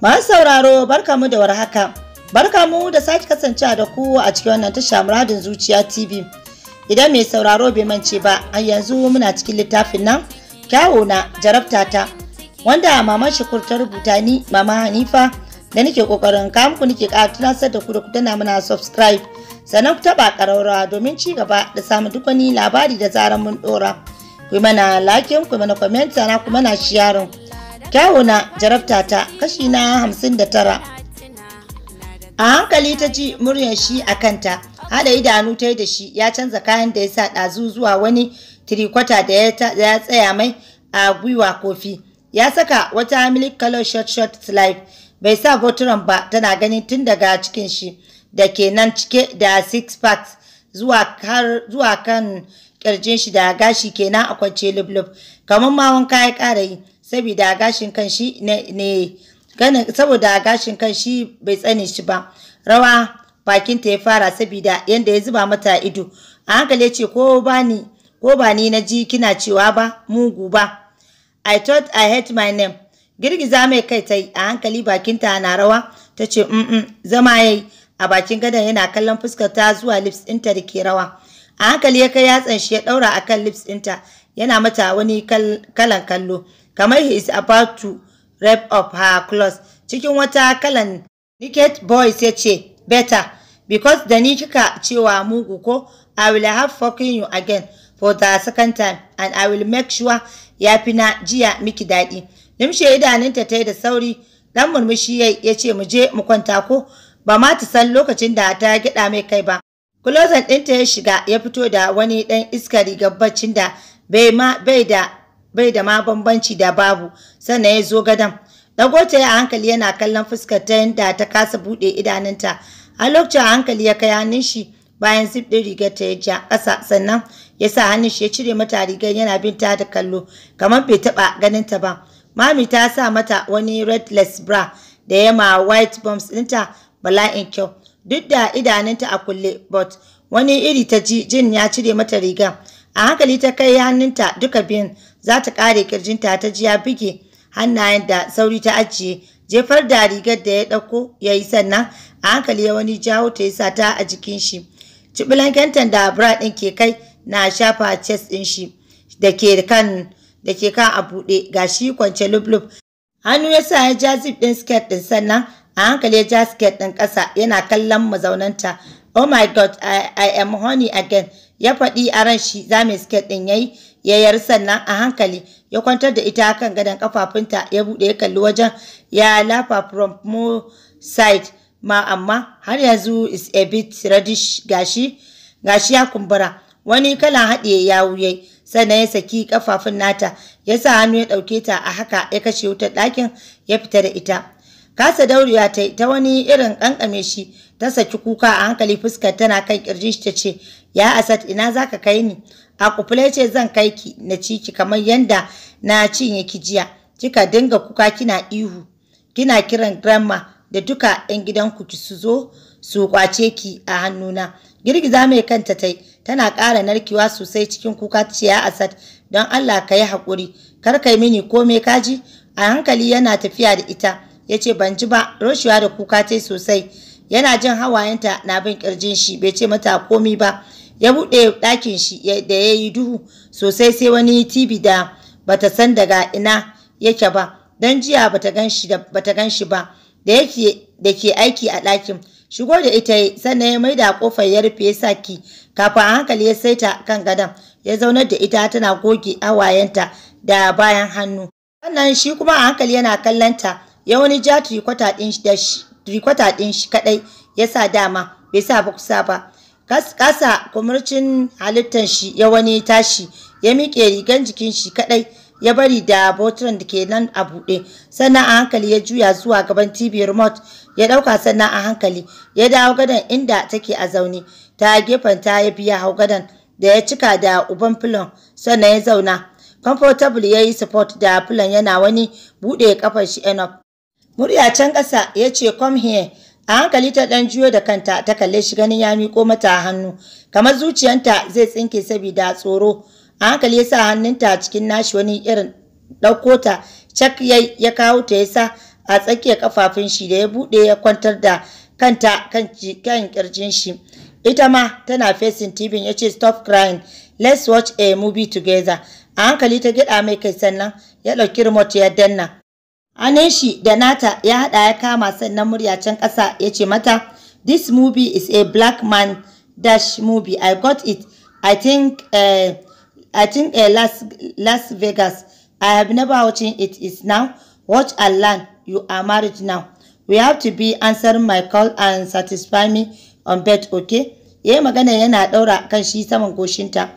Masu sauraro barka mu da warhaka. Barka mu da sake kasancewa da ku a cikin wannan tasha muradin zuciya TV. Idan mai sauraro bai mance ba, a yanzu muna cikin littafin nan kyawo na jarabtata wanda mama Shukur ta rubuta ni mama Hanifa da nake kokarin kamku nake ƙara tunasar da ku da ku tana muna subscribe sannan ku taba ƙararrawa domin ci gaba da samu duk wani labari da zaran mun dora. Ku mana lakin ku mana comment sannan ku mana sharing. kyawuna ta kashi na hamsin da tara a hankali ta ji muryar shi a kanta hada idanu ta yi da shi ya canza kayan da ya sa ɗazu zuwa wani tirikwata da ya tsaya mai a gwiwa kofi ya saka wata milik color short short life bai sa goturan ba tana ganin tun daga cikin shi da ke nan cike da six packs zuwa kan kirjin shi da gashi kenan a kwance lublub kamar ma wanka ya ƙara yi saboda gashin kan shi ne saboda gashin kan shi bai tsane shi ba rawa bakinta ya fara saboda yanda ya zuba mata ido a hankali ce ko ba ni na ji kina cewa ba mugu ba i thought i hate my name girgiza mai kai ta a hankali bakinta na rawa ta ce mm zama yayi a bakin gadon yana kallon fuskar ta zuwa lips ɗinta ta ke rawa a hankali ya kai yatsan shi ya ɗaura akan lips ɗinta yana mata wani kalan kallo kamar he is about to wrap up her clothes cikin wata kalan naked boys ya ce better because da ni kika cewa mugu ko I will have fucking you again for the second time and I will make sure ya fi na jiya miki daɗi. Limshe idanunta ta yi da sauri dan murmushi ya ce mu je mu kwanta ko ba ma ta san lokacin da ta gida mai kai ba. Kulozan ɗinta ya shiga ya fito da wani ɗan iskari baccin da bai ma bai da bai da ma bambanci da babu sannan ya zo gadon dagota ya hankali yana kallon fuskar ta yadda ta kasa buɗe idanunta a lokacin hankali ya kai hannun shi bayan zip ɗin rigar ta ya ja ƙasa sannan ya sa hannun shi ya cire mata rigar yana bin ta da kallo kamar bai taɓa ganin ta ba mami ta sa mata wani red redless bra da yama white bombs ɗinta bala'in kyau duk da idanunta a kulle but wani iri ta ji jin ya cire mata rigar a hankali ta kai hannunta duka biyun za ta ƙare ƙirjinta ta jiya. bige hannayen da sauri ta ajiye jefar da rigar da ya ɗauko ya yi sannan a hankali ya wani jawo ta yi sata a jikin shi cibilankentan da bra din ke kai na shafa chest din shi da ke kan da ke a bude. ga shi kwance lublub hannu ya sa ya ja zip din skirt din sannan a hankali ya ja skirt din kasa. yana kallon mazaunanta oh my god i, I am honey again ya faɗi a ran shi mai skirt ɗin yayi Ya yar sannan a hankali ya kwantar da ita kan gadon kafafunta ya bude ya kalli wajen ya lafa from ma amma har yanzu is a bit reddish gashi gashi ya kumbura wani kalan haɗe ya wuye sannan ya saki kafafun nata ya sa hannu ya ɗauke ta a haka ya kashe wutar ɗakin ya fita da ita kasa daurewa ta ta wani irin ƙanƙame shi ta saki kuka a hankali fuskar tana kan kirji ta ce ya asad ina zaka kai ni a ce zan kai ki na ci ki kamar yadda na cinye ki jiya kika dinga kuka kina ihu kina kiran grandma da duka 'yan gidanku ki su zo su kwace ki a hannuna girgiza mai kanta tai tana ƙara narkewa sosai cikin kuka ya asad don allah ka yi haƙuri kar kai mini komai kaji a hankali yana tafiya da ita ya ce ban ji ba roshewa da kuka tai sosai yana jin hawayenta na bin ƙirjin shi bai ce mata komi ba ya buɗe ɗakin shi da ya yi duhu sosai sai wani tibi da bata san daga ina yake ba don jiya bata gan shi ba da yake da ke aiki a ɗakin shigo da ita sannan ya maida kofar ya rufe ya saki kafin a hankali ya saita kan gadon ya zaunar da ita tana goge awayenta da bayan hannu sannan shi kuma a hankali yana kallonta ya wani ja trikota ɗin shi kaɗai ya sa dama bai sa kusa ba kasa kumurcin halittar shi ya wani tashi ya miƙe rigan jikin shi kaɗai ya bari da botron da ke nan a buɗe sannan a hankali ya juya zuwa gaban tv remote ya ɗauka sannan a hankali ya dawo gadon inda take a zaune ta gefen ta ya biya hau gadon da ya cika da uban filon sannan ya zauna comfortable ya yi support da filon yana wani buɗe kafar shi enough murya can ƙasa ya ce come here a hankali ta dan juyo da kanta ta kalle shi ganin ya miƙo mata hannu kamar zuciyanta zai tsinke saboda tsoro a hankali ya sa hannunta cikin nashi wani irin ɗauko ta cak ya kawo ta ya sa a tsakiyar kafafun shi da ya buɗe ya kwantar da kanta kan kan kirjin shi ita ma tana facing tv ya ce stop crying let's watch a movie together a hankali ta gida mai kai sannan ya ɗauki remote ya danna hannun shi da nata ya haɗa ya kama sannan murya can ƙasa ya ce mata this movie is a black man dash movie i got it i think uh, i think uh, las, las vegas i have never watching it is now watch and learn you are married now we have to be answering my call and satisfy me on bed okay ya yi magana yana ɗaura kan shi saman goshinta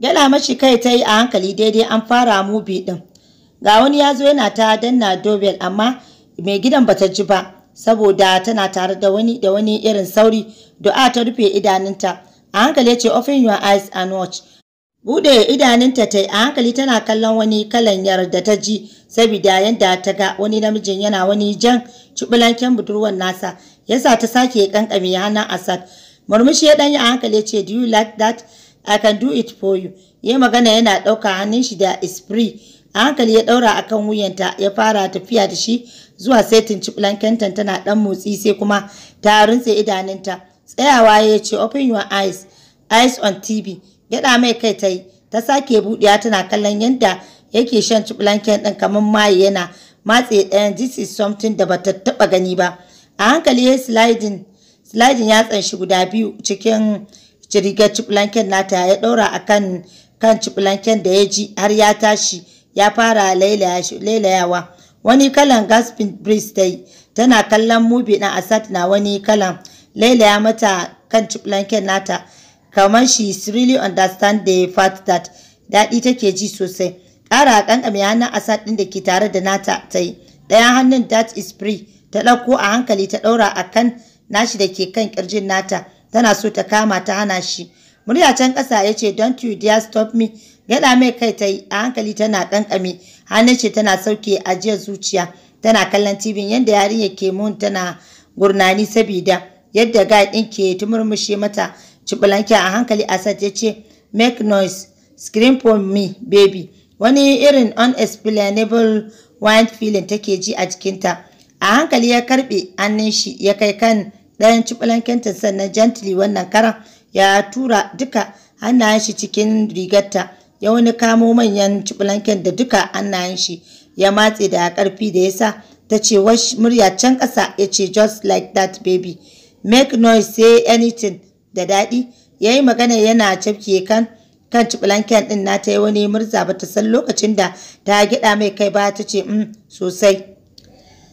Yana mashi kai ta yi a hankali daidai an fara mubi ɗin ga wani ya zo yana ta danna dobel amma mai gidan bata ji ba saboda tana tare da wani da wani irin sauri du'a ta rufe idanunta a hankali ya ce open your eyes and watch bude idanunta ta a hankali tana kallon wani kalan yarda ta ji saboda yadda ta ga wani namijin yana wani jan cibulanken budurwar nasa yasa ta sake kankami hannun asad murmushi ya danyi a hankali ya ce do you like that i can do it for you ya magana yana ɗauka hannun shi da spray a hankali ya daura kan wuyanta ya fara tafiya da shi zuwa setin ciblankentan tana dan motsi sai kuma ta rintse idanunta tsayawa ya ce open your eyes eyes on tv gyaɗa mai kai ta yi ta sake buɗewa tana kallon yadda yake shan ciblanken ɗin kamar maye yana matse ɗayan this is something da bata taba gani ba a hankali ya sliding sliding ya tsanshi guda biyu cikin rigar ciblanken nata ya ɗaura akan kan ciblanken da ya ji har ya tashi ya fara lailayawa wani kalan gaspin breeze ta tana kallon mubi na asad na wani kalan lailaya mata kan blanket nata kamar she is really understand the fact that daɗi take ji sosai ƙara ƙanƙame hannun asad ɗin da ke tare da nata ta yi ɗayan hannun that is free ta ɗauko a hankali ta ɗaura a kan nashi da ke kan ƙirjin nata tana so ta kama ta hana shi murya can ƙasa ya ce don't you dare stop me Yaɗa mai kai ta yi a hankali tana ƙanƙame hannun shi tana sauke ajiyar zuciya tana kallon tibin yadda yarinya ke mun tana gurnani sabida yadda guy ɗin ke tumurmushe mata cibilanke a hankali Asad ya ce make noise scream for me baby wani irin unexplainable wild feeling take ji a jikinta a hankali ya karbe hannun shi ya kai kan ɗayan cibulankinta sannan gently wannan karan ya tura duka hannayen shi cikin rigarta ya wani kamo manyan cikulanken da duka annayen shi ya matse da karfi da yasa ta ce murya can ƙasa ya ce just like that baby make noise say anything da daɗi ya yi magana yana cafke kan kan ɗin na ta yi wani murza ba ta san lokacin da ta gida mai kai ba ta ce mm, sosai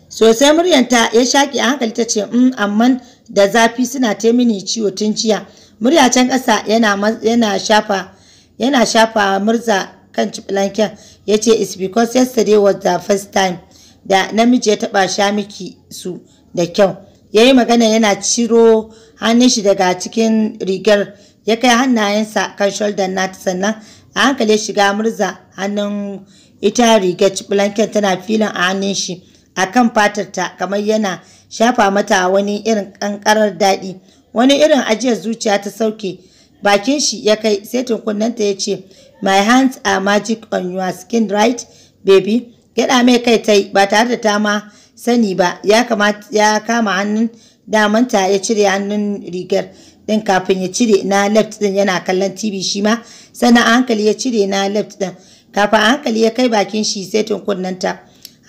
sosai muryanta ya shaƙi a hankali ta ce mm amman da zafi suna ta mini ciwo tun jiya murya can ƙasa yana shafa yana shafa murza kan ciblanken ya ce it's because yesterday was the first time da namiji ya taba sha miki su da kyau ya yi magana yana ciro hannun shi daga cikin rigar ya kai hannayensa kan shoulder ta sannan a hankali shiga murza hannun ita rigar blanket tana filin a hannun shi a kan fatarta kamar yana shafa mata wani irin kankarar daɗi wani irin ajiyar zuciya ta sauke bakin shi ya kai sai tunkunnanta ya ce my hands are magic on your skin right baby gyaɗa mai kai tai ba tare da ta ma sani ba ya ya kama hannun damanta ya cire hannun rigar ɗin kafin ya cire na left din yana kallon tv shi ma sannan a hankali ya cire na left din kafin a hankali ya kai bakin shi sai ta.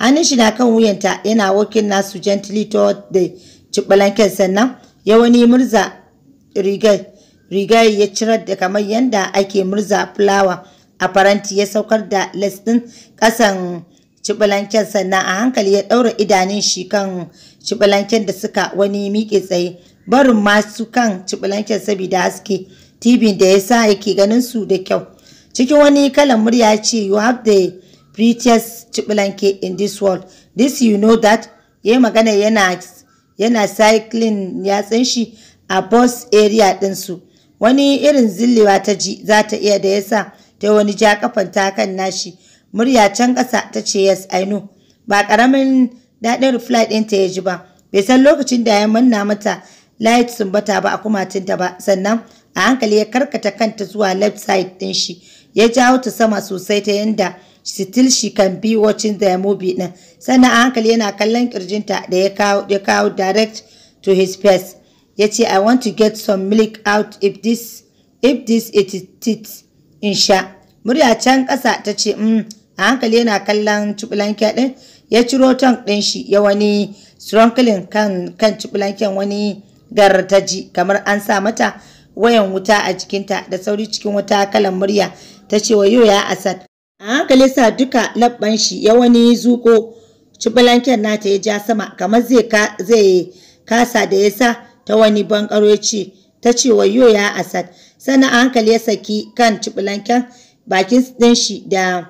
hannun shi na kan wuyanta yana walking nasu gently toward the cibalanken sannan ya wani murza rigar rigar ya cirar da kamar yadda ake murza fulawa a faranti ya saukar da lastin kasan cibilanken sannan a hankali ya daura idanun shi kan cibilanken da suka wani miƙe tsaye barin masu kan cibilanken saboda haske tv da ya sa yake ganin su da kyau cikin wani kalan murya ce you have the prettiest cibilanke in this world this you know that ya magana yana yana cycling yatsun shi a bus area ɗinsu wani irin zillewa ta ji za ta iya da yasa ta wani ja kafan ta kan nashi murya can ƙasa ta ce yes i know ba karamin daɗin reply ɗinta ya ji ba bai san lokacin da ya manna mata light bata ba a kumatinta ba sannan a hankali ya karkata kanta zuwa left side ɗin shi ya jawo ta sama sosai ta yanda still she can be watching the movie ɗin sannan a hankali yana kallon kirjinta da ya kawo direct to his face ya ce I want to get some milk out if this if this it is in sha. Murya can ƙasa ta ce mm, a hankali yana kallon cubulankiya ɗin ya ciro ton ɗin shi ya wani strunkling kan kan cubulankiyan wani gartaji kamar an sa mata wayan wuta a jikinta da sauri cikin wuta kalan murya ta ce wa yau ya asad a hankali sa duka labban shi ya wani zuko cibilanken nata ya ja sama kamar zai kasa da yasa ta wani bankaroci ce ta ce ya asad sana a hankali ya saki kan cibilanken bakin din shi da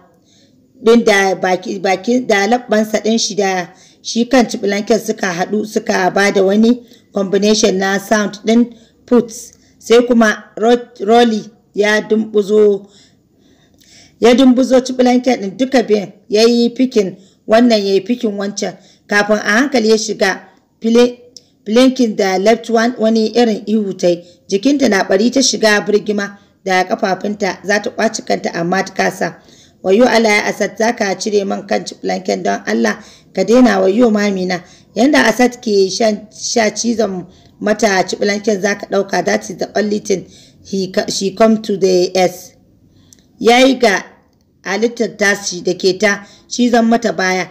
din da baki da labbansa ɗin shi da shi kan cibilanken suka haɗu suka bada wani combination na sound ɗin puts sai kuma rolly ya dumbuzo ya dumbuzo cibilanken ɗin duka bin ya yi fikin wannan ya yi fikin wancan kafin a hankali ya shiga filin blinking da left one wani irin ihu ta yi jikinta na bari ta shiga birgima da kafafunta za ta kwaci kanta amma ta kasa wayo Allah ya asad zaka cire man kan blanket don Allah ka daina wayo mamina yanda asad ke sha cizon mata ci blanket za ka ɗauka that is the only thing he, she come to the s yayi ga halittar tasi da ke ta cizon mata baya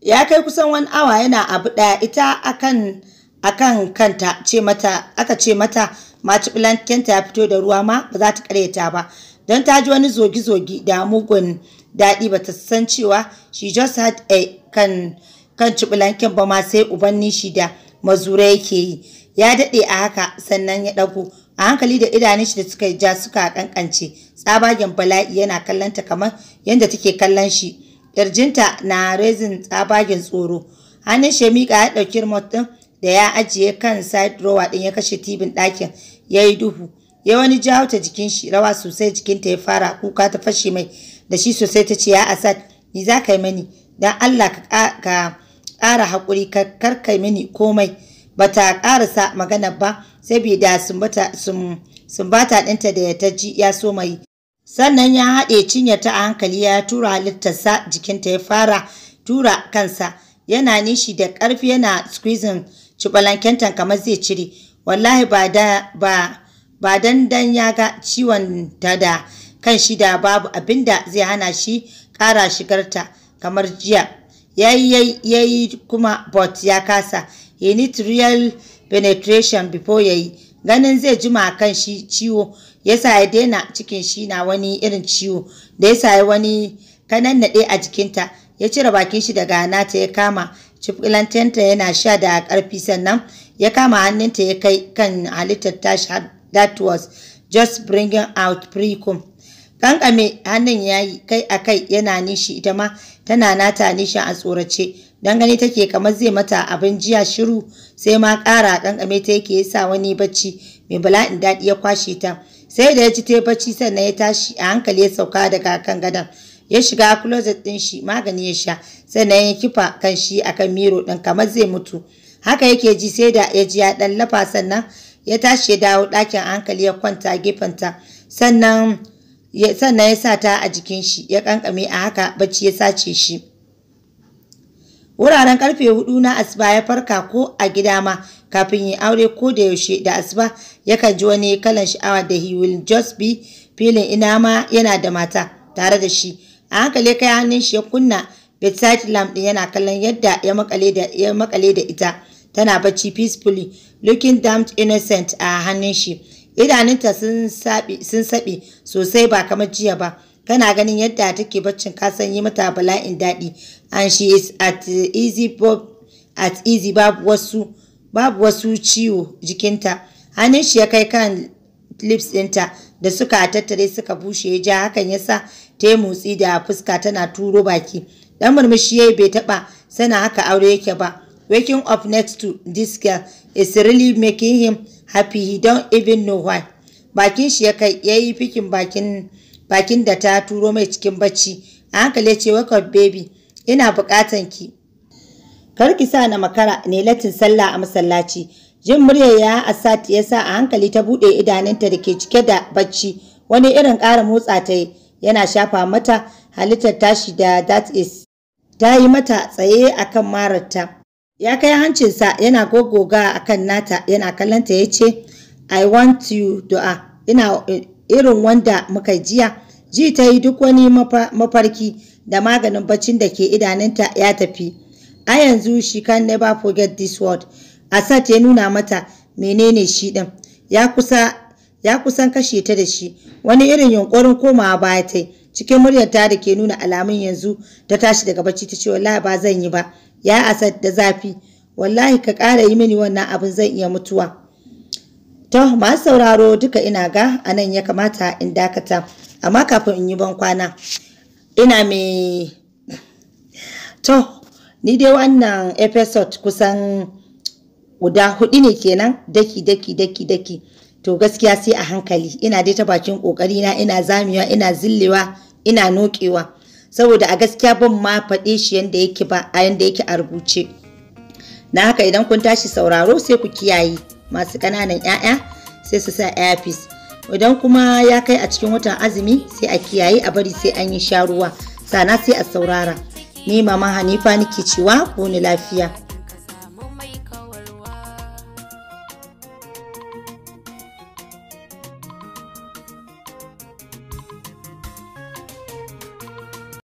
ya kai kusan wani awa yana abu daya ita akan akan kanta ce mata aka ce mata blankenta ya fito da ruwa ma ba za ta karyata ba don ta ji wani zogi-zogi da mugun daɗi ba ta san cewa she just had a kan kan ba ma sai ubanni shi da mazura yake yi ya daɗe a haka sannan ya ɗago a hankali da idanun shi da suka ja suka kankance tsabagen bala'i yana kallanta kamar yadda take kallon shi ƙirjinta na rezin tsabagen tsoro hannun shi miƙa ya ɗauki remote ɗin da ya ajiye kan side drawer din ya kashe tibin ɗakin ya yi duhu ya wani jawo jikin shi rawa sosai jikinta ya fara kuka ta fashe mai da shi sosai ta ce ya asad ni za ka yi mani don allah ka ƙara haƙuri ka karkai mini komai ba ta ƙarasa magana ba saboda sumbata ɗinta da ya ta ji ya so mai sannan ya haɗe cinyata a hankali ya tura halittarsa jikinta ya fara tura kansa yana nishi da karfi yana squeezing cubalankentan kamar zai cire wallahi ba dan dan ya ga ciwon ta da kan shi da babu abinda zai hana shi shigar shigarta kamar jiya yayi kuma bot ya kasa he need real penetration before yayi ganin zai jima kan shi ciwo yasa ya daina cikin shi na wani irin ciwo da yasa ya wani kanannaɗe a jikinta ya cire bakin shi daga nata ya kama cifilantenta yana sha da ƙarfi sannan ya kama hannunta ya kai kan halittar tashi that was just bringing out precum kankame hannun ya yi kai a kai yana nishi ita ma tana nata nishin a tsorace don gani take kamar zai mata abin jiya shiru sai ma ƙara kankame ta yake sa wani bacci mai bala'in daɗi ya kwashe ta sai da ya ci ta bacci sannan ya tashi a hankali ya sauka daga kan gadon ya shiga closet din shi magani ya sha sannan ya kifa kan shi akan miro din kamar zai mutu haka yake ji sai da ya ji ya dan lafa sannan ya tashi dawo ɗakin hankali ya kwanta gefenta sannan sannan ya sa ta a jikin shi ya kankame a haka bacci ya sace shi wuraren karfe hudu na asuba ya farka ko a gida ma kafin ya aure ko da yaushe da asuba yakan ji wani kalan sha'awa da he will just be feeling ina ma yana da mata tare da shi a hankali kai hannun shi ya kunna bedside lamp din yana kallon yadda ya makale da ya makale da ita tana bacci peacefully looking damned innocent a hannun shi idanunta sun sabi sun sabi sosai ba kamar jiya ba kana ganin yadda take baccin ka san yi mata bala'in daɗi and she is at easy bob at easy babu wasu babu wasu ciwo jikinta hannun shi ya kai kan lips ɗinta da suka tattare suka bushe ya ja hakan yasa ta yi motsi da fuska tana turo baki dan murmushi yayi bai taba sana haka aure yake ba waking up next to this girl is really making him happy he don't even know why bakin shi ya kai yayi fikin bakin bakin da ta turo mai cikin bacci a hankali ya ce wake up baby ina bukatan ki kar ki sa na makara ne latin sallah a masallaci Jin muryar ya Asad ya sa a hankali ta buɗe idanunta da ke cike da bacci wani irin ƙara motsa ta yi yana shafa mata halittar tashi da that is. Ta yi mata tsaye a akan mararta. Ya kai hancinsa yana gogoga kan nata yana kallonta ya ce I want you du'a ina irin wanda muka jiya. Ji ta yi duk wani mafarki da maganin baccin da ke idanunta ya tafi. A yanzu she can never forget this word. Asad ya nuna mata menene shi ɗin. Ya kusan kashe ta da shi wani irin yunkurin komawa baya ta cikin muryar ta da ke nuna alamun yanzu ta tashi daga bacci ta ce wallahi ba zan yi ba ya asad da zafi wallahi ka kara yi mini wannan abin zan iya mutuwa to ma sauraro duka ina ga a nan ya kamata in dakata amma kafin in yi ban kwana ina mai to ni dai wannan episode kusan guda hudu ne kenan daki daki daki daki to gaskiya sai a hankali ina dai ta bakin kokari na ina zamewa ina zillewa ina nokewa saboda a gaskiya ban ma faɗe shi yanda yake ba a yanda yake a rubuce na haka idan kun tashi sauraro sai ku kiyaye masu ƙananan 'ya'ya sai su sa earpiece idan kuma ya kai a cikin watan azumi sai a kiyaye a bari sai an yi sha ruwa sana sai a saurara ni mama hanifa nake cewa ko ni lafiya